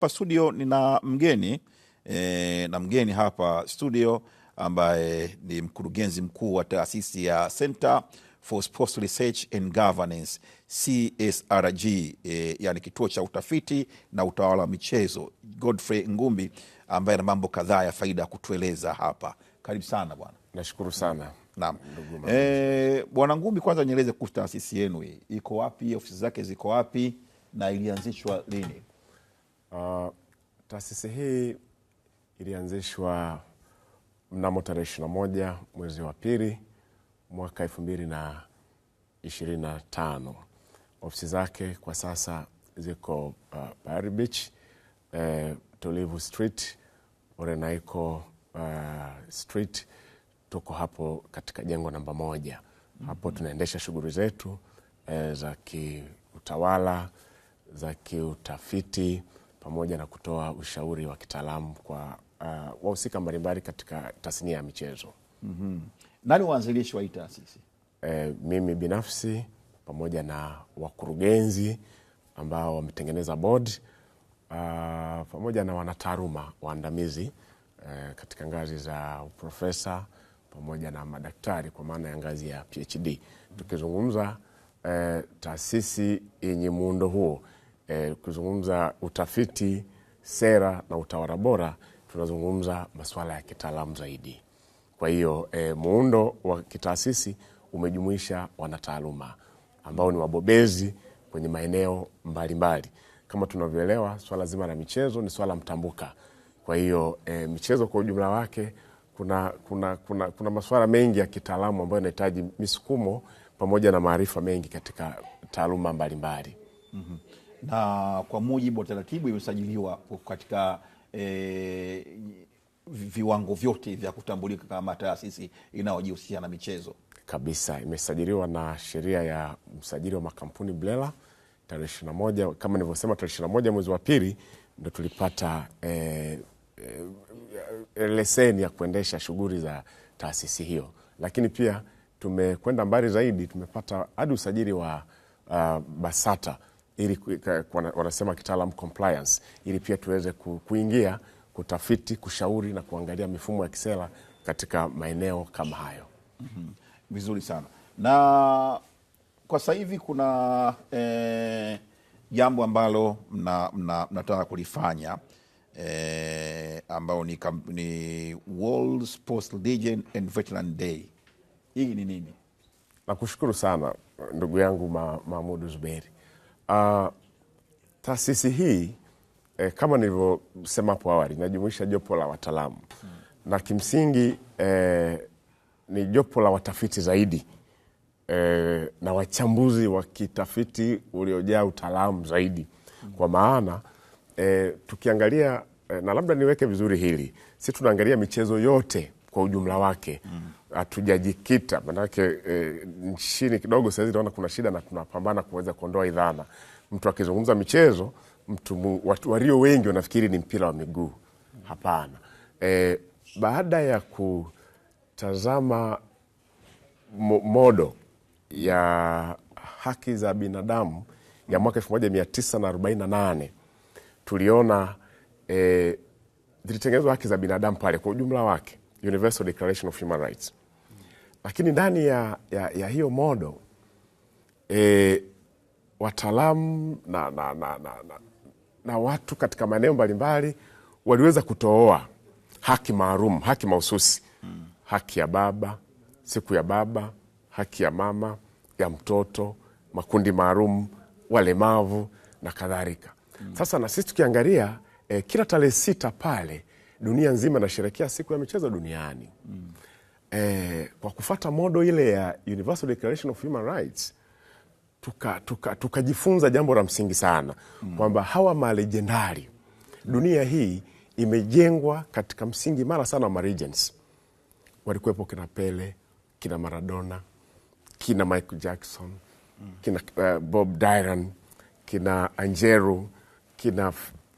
Hapa studio nina mgeni e, na mgeni hapa studio ambaye ni mkurugenzi mkuu wa taasisi ya Center for Sports Research and Governance CSRG, e, eh, yani kituo cha utafiti na utawala wa michezo, Godfrey Ngumbi ambaye ana mambo kadhaa ya faida ya kutueleza hapa. Karibu sana bwana. Nashukuru sana. Naam. E, bwana Ngumbi, kwanza nieleze kuhusu taasisi yenu hii, iko wapi, ofisi zake ziko wapi na ilianzishwa lini? Uh, taasisi hii ilianzishwa mnamo tarehe ishirini na moja mwezi wa pili mwaka elfu mbili na ishirini na tano. Ofisi zake kwa sasa ziko uh, Bahari Beach, uh, Tulivu Street, Orenaiko uh, Street. Tuko hapo katika jengo namba moja hapo mm -hmm. Tunaendesha shughuli zetu uh, za kiutawala za kiutafiti pamoja na kutoa ushauri wa kitaalamu kwa uh, wahusika mbalimbali katika tasnia ya michezo. mm -hmm. Nani waanzilishi wa hii taasisi? E, mimi binafsi pamoja na wakurugenzi ambao wametengeneza board uh, pamoja na wanataaluma waandamizi uh, katika ngazi za uprofesa pamoja na madaktari kwa maana ya ngazi ya PhD. Tukizungumza uh, taasisi yenye muundo huo eh, kuzungumza utafiti, sera na utawala bora, tunazungumza masuala ya kitaalamu zaidi. Kwa hiyo eh, muundo wa kitaasisi umejumuisha wanataaluma ambao ni wabobezi kwenye maeneo mbalimbali. Kama tunavyoelewa, swala zima la michezo ni swala mtambuka. Kwa hiyo eh, michezo kwa ujumla wake kuna, kuna, kuna, kuna masuala mengi ya kitaalamu ambayo yanahitaji misukumo pamoja na maarifa mengi katika taaluma mbalimbali. mm -hmm na kwa mujibu wa taratibu imesajiliwa katika e, viwango vyote vya kutambulika kama taasisi inayojihusisha na michezo kabisa. Imesajiliwa na sheria ya msajili wa makampuni BRELA tarehe ishirini na moja kama nilivyosema, tarehe ishirini na moja mwezi wa pili ndo tulipata e, e, leseni ya kuendesha shughuli za taasisi hiyo, lakini pia tumekwenda mbali zaidi, tumepata hadi usajili wa uh, BASATA ili wanasema kitaalam compliance, ili pia tuweze kuingia kutafiti, kushauri na kuangalia mifumo ya kisera katika maeneo kama hayo. mm -hmm. Vizuri sana na kwa sasa hivi kuna eh, jambo ambalo mnataka mna, mna kulifanya eh, ambao ni, ni World Postal Legion and Veteran Day. Hii ni nini? Nakushukuru sana ndugu yangu Mahmoud Zuberi. Uh, taasisi hii eh, kama nilivyosema hapo awali inajumuisha jopo la wataalamu na kimsingi eh, ni jopo la watafiti zaidi eh, na wachambuzi wa kitafiti uliojaa utaalamu zaidi kwa maana eh, tukiangalia eh, na labda niweke vizuri hili, si tunaangalia michezo yote kwa ujumla wake hatujajikita mm. Manake e, nchini kidogo sahizi naona kuna shida na tunapambana kuweza kuondoa idhana. Mtu akizungumza michezo mtu walio wengi wanafikiri ni mpira wa miguu mm. Hapana. E, baada ya kutazama modo ya haki za binadamu ya mwaka elfu moja mia nane tuliona e, zilitengenezwa haki za binadamu pale kwa ujumla wake Universal Declaration of Human Rights, lakini ndani ya, ya, ya hiyo modo e, wataalamu na, na, na, na, na, na watu katika maeneo mbalimbali waliweza kutooa haki maalum, haki mahususi haki ya baba, siku ya baba, haki ya mama, ya mtoto, makundi maalum, walemavu na kadhalika Sasa na sisi tukiangalia e, kila tarehe sita pale dunia nzima inasherekea siku ya michezo duniani mm. E, kwa kufata modo ile ya Universal Declaration of Human Rights tukajifunza tuka, tuka jambo la msingi sana mm. kwamba hawa malejendari dunia hii imejengwa katika msingi mara sana wa maregens. Walikuwepo kina Pele, kina Maradona, kina Michael Jackson mm. kina uh, Bob Dylan, kina Angelo, kina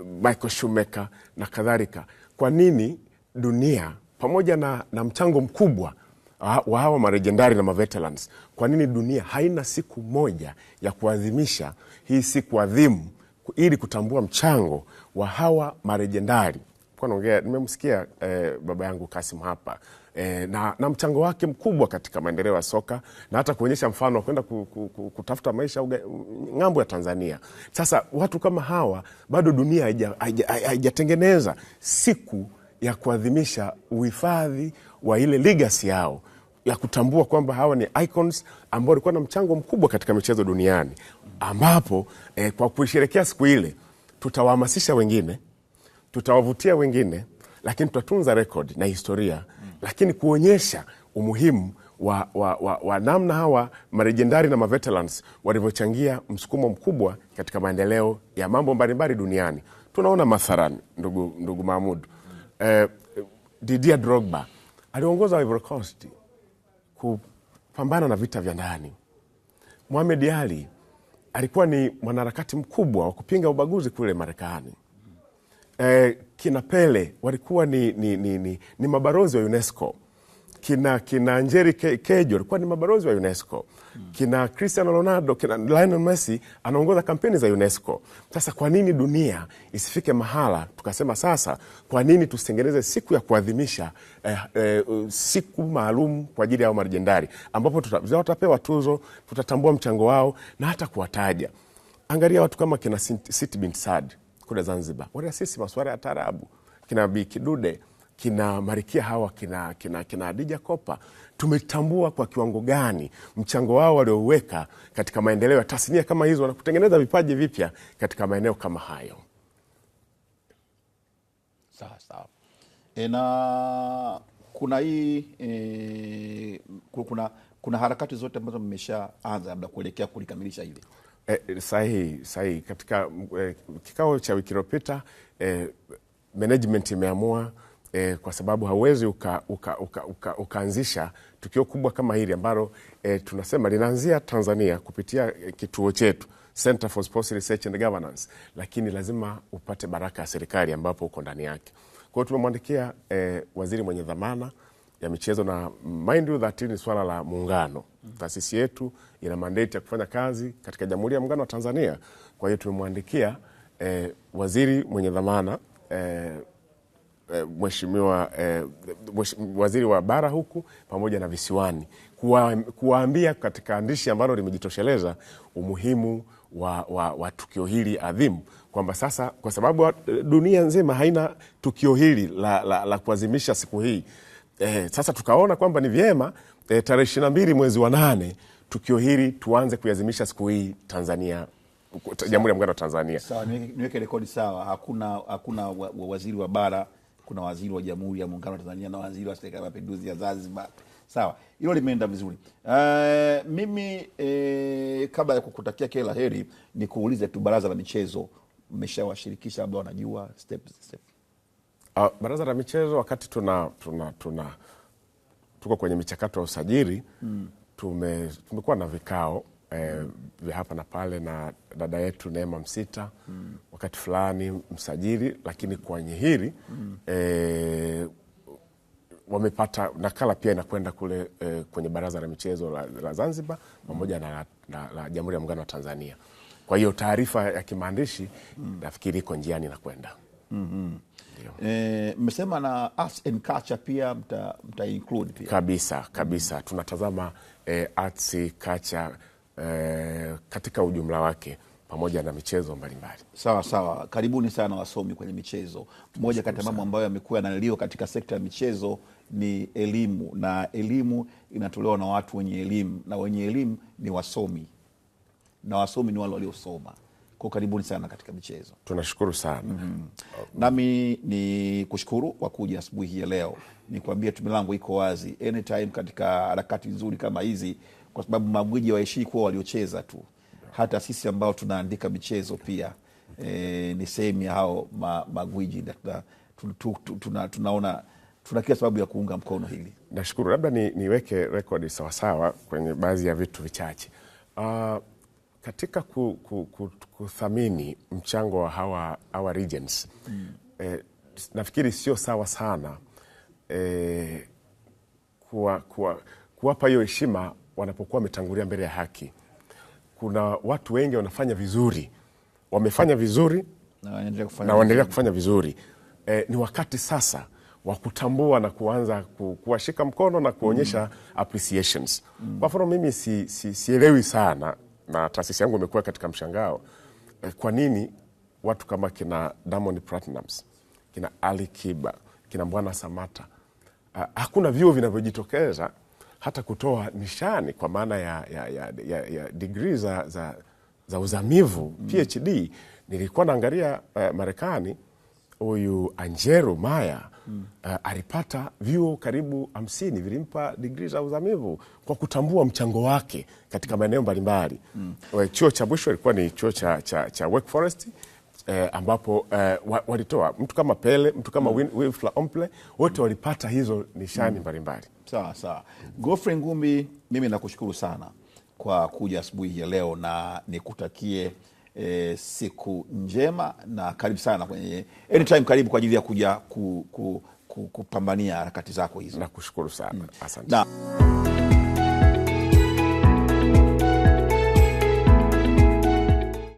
Michael Schumacher na kadhalika kwa nini dunia pamoja na, na mchango mkubwa ah, wa hawa marejendari na maveterans, kwa nini dunia haina siku moja ya kuadhimisha hii siku adhimu ili kutambua mchango wa hawa marejendari nilipokuwa naongea nimemsikia eh, baba yangu Kasim hapa eh, na, na mchango wake mkubwa katika maendeleo ya soka na hata kuonyesha mfano wa kwenda kutafuta maisha ng'ambo ya Tanzania. Sasa watu kama hawa bado dunia haijatengeneza siku ya kuadhimisha uhifadhi wa ile legacy yao ya kutambua kwamba hawa ni icons ambao walikuwa na mchango mkubwa katika michezo duniani, ambapo eh, kwa kuisherekea siku ile tutawahamasisha wengine tutawavutia wengine, lakini tutatunza rekodi na historia, lakini kuonyesha umuhimu wa, wa, wa, wa namna hawa marejendari na maveterans walivyochangia msukumo mkubwa katika maendeleo ya mambo mbalimbali duniani. Tunaona mathalan, ndugu, ndugu Mahmud, eh, didia Drogba aliongoza ivrocost kupambana na vita vya ndani. mhamed Ali alikuwa ni mwanaharakati mkubwa wa kupinga ubaguzi kule Marekani eh, kina Pele walikuwa ni, ni, ni, ni, ni mabalozi wa UNESCO kina, kina Njeri Kejo alikuwa ni mabalozi wa UNESCO Kina Cristiano Ronaldo, kina Lionel Messi anaongoza kampeni za UNESCO. Sasa kwa nini dunia isifike mahala tukasema sasa, kwa nini tusitengeneze siku ya kuadhimisha eh, eh, siku maalum kwa ajili ya marjendari ambapo tutapewa tuzo, tutatambua mchango wao na hata kuwataja. Angalia watu kama kina Siti Bint Saad kule Zanzibar, wana sisi masuala ya taarabu, kina Bi Kidude kina Marikia hawa kina, kina, kina Adija Kopa, tumetambua kwa kiwango gani mchango wao waliouweka katika maendeleo ya tasnia kama hizo na kutengeneza vipaji vipya katika maeneo kama hayo. Sawa sawa. E, na kuna hii e, kuna, kuna harakati zote ambazo mmeshaanza labda kuelekea kulikamilisha hili Eh, eh sahihi sahihi. Katika eh, kikao cha wiki iliyopita eh, management imeamua eh, kwa sababu hauwezi ukaanzisha uka, uka, uka, uka tukio kubwa kama hili ambalo eh, tunasema linaanzia Tanzania kupitia eh, kituo chetu Center for Sports Research and Governance, lakini lazima upate baraka ya serikali ambapo uko ndani yake. Kwa hiyo tumemwandikia eh, waziri mwenye dhamana ya michezo na mind you that ni swala la muungano taasisi yetu ina mandate ya kufanya kazi katika Jamhuri ya Muungano wa Tanzania. Kwa hiyo tumemwandikia eh, waziri mwenye dhamana eh, eh mheshimiwa eh, waziri wa bara huku pamoja na visiwani kuwaambia katika andishi ambalo limejitosheleza umuhimu wa, wa, wa tukio hili adhimu kwamba sasa kwa sababu dunia nzima haina tukio hili la, la, la kuadhimisha siku hii eh, sasa tukaona kwamba ni vyema e, tarehe ishirini na mbili mwezi wa nane tukio hili tuanze kuiazimisha siku hii Tanzania, Jamhuri ya Muungano wa Tanzania. Sawa, niweke rekodi sawa. Hakuna, hakuna wa, wa waziri wa bara, kuna waziri wa Jamhuri ya Muungano wa Tanzania na waziri wa Serikali ya Mapinduzi ya Zanzibar. Sawa, hilo limeenda vizuri. Uh, mimi eh, kabla ya kukutakia kila heri ni kuulize tu, baraza la michezo mmeshawashirikisha, labda wanajua step, step. Uh, baraza la michezo wakati tuna, tuna, tuna tuko kwenye michakato ya usajili mm. tume, tumekuwa na vikao eh, mm. vya hapa na pale na dada yetu Neema Msita mm. wakati fulani msajili, lakini kwenye hili mm. eh, wamepata nakala pia inakwenda kule eh, kwenye baraza la michezo la, la Zanzibar pamoja mm. na, la Jamhuri ya Muungano wa Tanzania. Kwa hiyo taarifa ya kimaandishi mm. nafikiri iko njiani na kwenda mm -hmm. E, mmesema na arts and culture pia mta, mta include pia kabisa kabisa. Tunatazama e, arts culture e, katika ujumla wake pamoja na michezo mbalimbali. Sawa sawa, karibuni sana wasomi kwenye michezo. Moja kati ya mambo ambayo yamekuwa yanalio katika sekta ya michezo ni elimu, na elimu inatolewa na watu wenye elimu, na wenye elimu ni wasomi, na wasomi ni wale waliosoma. Kwa karibuni sana katika michezo, tunashukuru sana mm -hmm. Nami ni kushukuru kwa kuja asubuhi hii ya leo, nikuambie tu milango iko wazi anytime katika harakati nzuri kama hizi, kwa sababu magwiji waishii kuwa waliocheza tu, hata sisi ambao tunaandika michezo pia e, ni sehemu ya hao ma, magwiji tuna, tuna, tunaona tuna kila sababu ya kuunga mkono hili. Nashukuru, labda ni, niweke rekodi sawasawa kwenye baadhi ya vitu vichache uh, katika ku, ku, ku, kuthamini mchango wa hawa, hawa regions mm. eh, nafikiri sio sawa sana eh, kuwapa hiyo heshima wanapokuwa wametangulia mbele ya haki. Kuna watu wengi wanafanya vizuri, wamefanya vizuri na wanaendelea kufanya vizuri eh, ni wakati sasa wa kutambua na kuanza kuwashika mkono na kuonyesha mm. appreciations mm. Kwa mfano mimi si, si, sielewi sana na taasisi yangu imekuwa katika mshangao eh, kwa nini watu kama kina Diamond Platnumz, kina Ali Kiba, kina Mbwana Samata uh, ah, hakuna vyuo vinavyojitokeza hata kutoa nishani kwa maana ya, ya, ya, ya, ya digri za, za, za uzamivu mm. PhD. Nilikuwa naangalia uh, Marekani huyu Anjero Maya mm. uh, alipata vyuo karibu hamsini vilimpa digrii za uzamivu kwa kutambua mchango wake katika maeneo mbalimbali mm. Chuo cha mwisho alikuwa ni chuo cha, cha, cha Wake Forest eh, ambapo eh, walitoa mtu kama Pele, mtu kama mm. Wilfred Omple wote walipata hizo nishani mbalimbali mm. Sawa sawa, Godfrey Ngumbi, mimi nakushukuru sana kwa kuja asubuhi ya leo na nikutakie e, siku njema na karibu sana kwenye anytime, karibu kwa ajili ya kuja ku, ku, ku, kupambania harakati zako hizo. Nakushukuru sana mm. Asante.